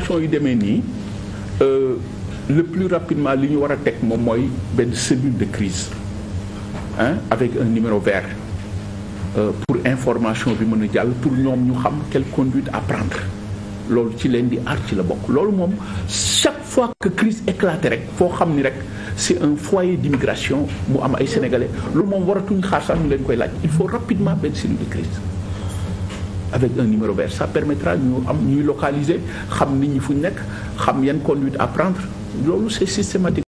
situation yu demee nii euh, le plus rapidement li ñu war a teg moom mooy benn cellule de crise hein avec un numéro vert euh, pour information bi mën a jàll pour ñoom ñu xam quelle conduite à loolu ci leen di aar ci la bokk loolu moom chaque fois que crise éclate rek foo xam ni rek c'est un foyer d'immigration mu am ay sénégalais lu moom waratuñ xaar sax ñu leen koy laaj il faut rapidement benn cellule de crise avec un numéro vert ça permettra ñu am ñuy localiser xam nit ñi fu ñu nekk xam yan conduite à prendre loolu c'est systématique